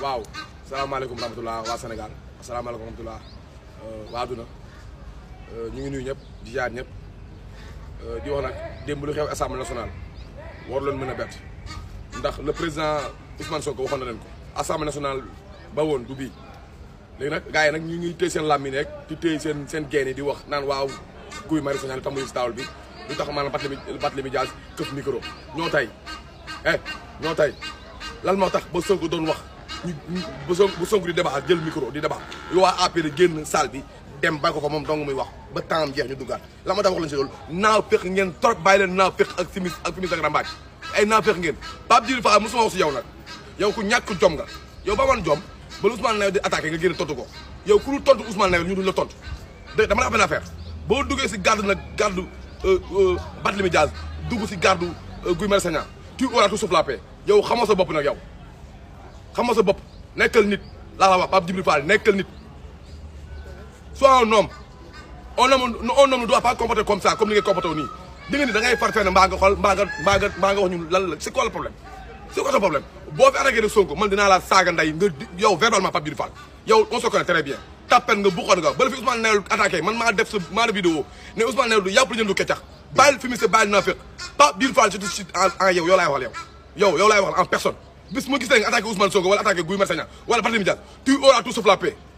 waaw salaamaaleykum rahmatulah waa Sénégal asalaamaaleykum rahmatulah euh, waa adduna euh, ñu ngi nuyu ñëpp di ñëpp euh, di wax nag démb lu xew assemblée nationale war loon mën a bett ndax le président Ousmane Sonko waxoon na leen ko assemblée nationale ba woon du bii léegi nag gars yi nag ñu ngi téy seen làmmiñ rek di téy seen seen génne di wax naan waaw Guy Marius Sagna lu tax muy si taawul bi lu tax maanaam Barthélémy Dias këf micro ñoo tey eh ñoo tey lan moo tax ba Sonko doon wax ñu so bu Sonko di débat jël micro di débat waa APR génn salle bi dem bàyyi ko moom dong muy wax ba temps jeex ñu duggaat la ma tax wax lañ si loolu naaw féq ngeen trop bàyyi leen naaw féq ak simis ak simis ak rambaaj ay naaw féq ngeen wax si yow nag yow ku ñàkk jom nga yow ba man jom ba Ousmane Nawel di attaqué nga génn tontu ko yow ku dul tontu Ousmane Nawel ñu duñ la tontu dama la xam benn affaire boo duggee si garde nag garde euh, euh, Barthélémy Dias dugg si garde euh, Guy Marius Sagna tu auras tout sauf la paix yow xamoo sa bopp nag yow Comment Pape soit un homme un ne doit pas comporter comme ça comme ni ngay comporté wu da ngay c'est quoi le problème c'est quoi le problème fi de Sonko man la saga nday verbalement Pape Fall on se connaît très bien Tapez nga buxoon nga attaqué man ma def vidéo ne Neul du fi se une Pape Fall je te suis en en personne bis ma gis nga attaqué Ousmane Sonko wala attaqué Guy Marius Sagna wala Barthélémy Dias tu auras tout sauf la paix